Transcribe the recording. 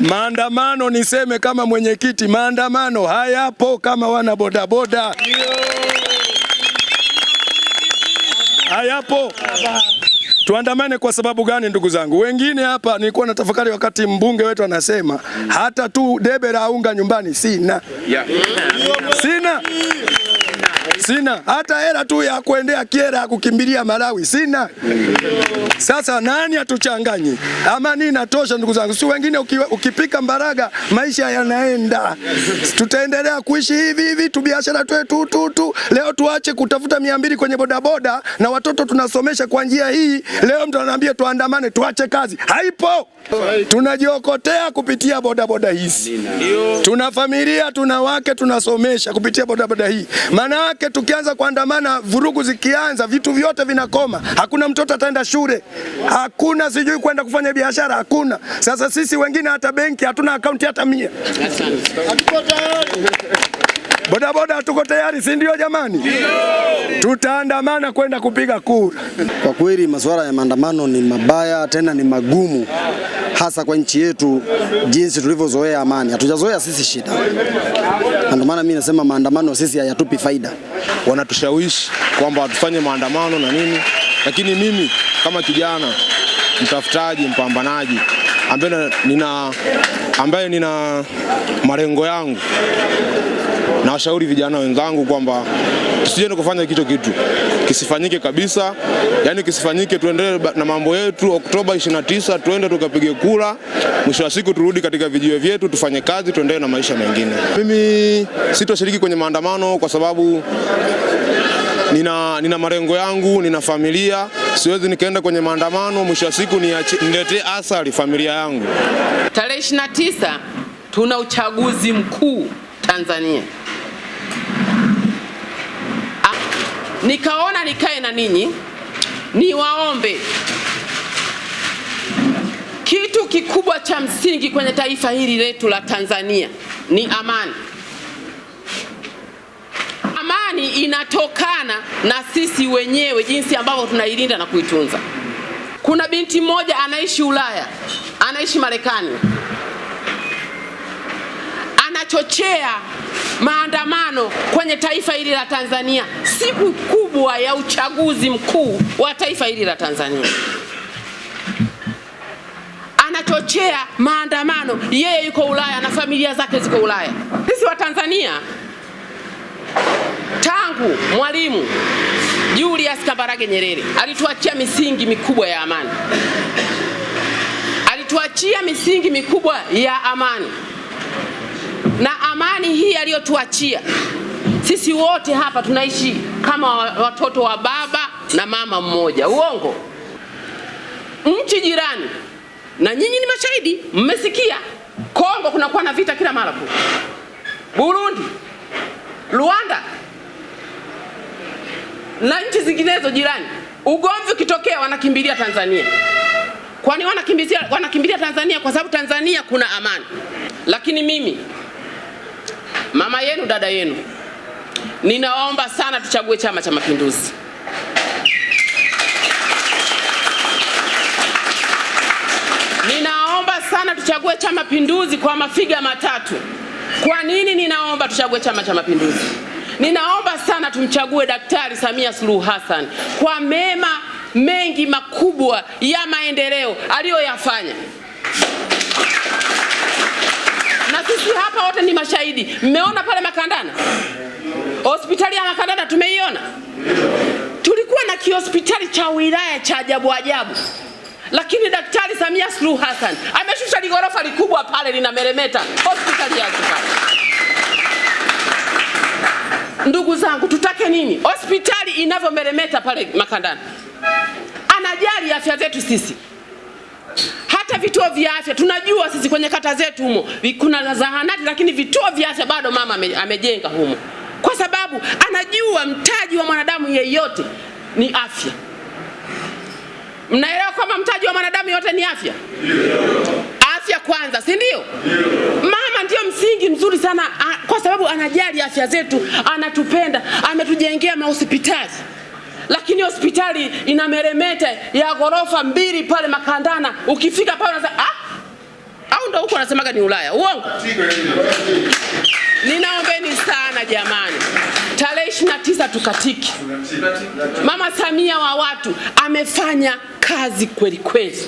Maandamano, niseme kama mwenyekiti, maandamano hayapo kama wana bodaboda hayapo. Tuandamane kwa sababu gani? Ndugu zangu, wengine hapa nilikuwa na tafakari wakati mbunge wetu anasema hata tu debe la unga nyumbani sina, sina sina hata hela tu ya kuendea kiera ya kukimbilia Malawi sina. Sasa nani atuchanganye? Amani inatosha, ndugu zangu, si wengine uki, ukipika mbaraga maisha yanaenda. Tutaendelea kuishi hivi hivi tu, biashara tu tu tu. Leo tuache kutafuta mia mbili kwenye bodaboda na watoto tunasomesha kwa njia hii. Leo mtu anaambia tuandamane, tuache kazi, haipo. Tunajiokotea kupitia bodaboda hizi, tuna familia, tuna wake, tunasomesha kupitia bodaboda hii, maana yake tukianza kuandamana, vurugu zikianza, vitu vyote vinakoma. Hakuna mtoto ataenda shule, hakuna sijui kwenda kufanya biashara, hakuna. Sasa sisi wengine hata benki hatuna akaunti hata mia. Bodaboda tuko tayari, si ndio? Jamani, tutaandamana kwenda kupiga kura. Kwa kweli, masuala ya maandamano ni mabaya, tena ni magumu, hasa kwa nchi yetu, jinsi tulivyozoea amani. Hatujazoea sisi shida, ndio maana mimi nasema maandamano sisi hayatupi faida. Wanatushawishi kwamba watufanye maandamano na nini, lakini mimi kama kijana mtafutaji, mpambanaji ambayo nina, ambayo nina malengo yangu na washauri vijana wenzangu kwamba tusijeni kufanya kicho kitu kisifanyike kabisa, yani kisifanyike, tuendelee na mambo yetu. Oktoba 29 tuende tukapige kura, mwisho wa siku turudi katika vijio vyetu, tufanye kazi, tuendelee na maisha mengine. Mimi sitoshiriki kwenye maandamano kwa sababu nina, nina malengo yangu, nina familia, siwezi nikaenda kwenye maandamano, mwisho wa siku niletee athari familia yangu. Tarehe 29 tuna uchaguzi mkuu Tanzania. Ah, nikaona nikae na ninyi niwaombe kitu kikubwa cha msingi kwenye taifa hili letu la Tanzania ni amani. Amani inatokana na sisi wenyewe, jinsi ambavyo tunailinda na kuitunza. Kuna binti mmoja anaishi Ulaya, anaishi Marekani, anachochea maandamano kwenye taifa hili la Tanzania siku kubwa ya uchaguzi mkuu wa taifa hili la Tanzania anachochea maandamano, yeye yuko Ulaya na familia zake ziko Ulaya. Sisi wa Tanzania Tangu Mwalimu Julius Kambarage Nyerere alituachia misingi mikubwa ya amani, alituachia misingi mikubwa ya amani, na amani hii aliyotuachia sisi wote hapa tunaishi kama watoto wa baba na mama mmoja. Uongo? Nchi jirani na nyinyi ni mashahidi, mmesikia Kongo kunakuwa na vita kila mara Burundi, Rwanda na nchi zinginezo jirani, ugomvi ukitokea wanakimbilia Tanzania. Kwani wanakimbilia, wanakimbilia Tanzania kwa sababu Tanzania kuna amani. Lakini mimi mama yenu, dada yenu, ninaomba sana tuchague Chama cha Mapinduzi. Ninaomba sana tuchague Chama Mapinduzi kwa mafiga matatu. Kwa nini ninaomba tuchague Chama cha Mapinduzi? Ninaomba sana tumchague Daktari Samia Suluhu Hassan kwa mema mengi makubwa ya maendeleo aliyoyafanya na sisi hapa wote ni mashahidi. Mmeona pale Makandana, hospitali ya Makandana tumeiona. Tulikuwa na kihospitali cha wilaya cha ajabu ajabu, lakini Daktari Samia Suluhu Hassan ameshusha ligorofa likubwa pale linameremeta hospitali yake pale Ndugu zangu, tutake nini? Hospitali inavyomeremeta pale Makandani, anajali afya zetu sisi. Hata vituo vya afya tunajua sisi kwenye kata zetu humo kuna zahanati, lakini vituo vya afya bado mama amejenga humo, kwa sababu anajua mtaji wa mwanadamu yeyote ni afya. Mnaelewa kwamba mtaji wa mwanadamu yote ni afya, afya kwanza, si ndio? msingi mzuri sana kwa sababu anajali afya zetu, anatupenda, ametujengea mahospitali lakini hospitali ina meremete ya ghorofa mbili pale Makandana. Ukifika pale unasema ah, au ndo huko anasemaga ni Ulaya. Uongo? Ninaombeni sana jamani, tarehe ishirini na tisa tukatiki. Mama Samia wa watu amefanya kazi kweli kweli.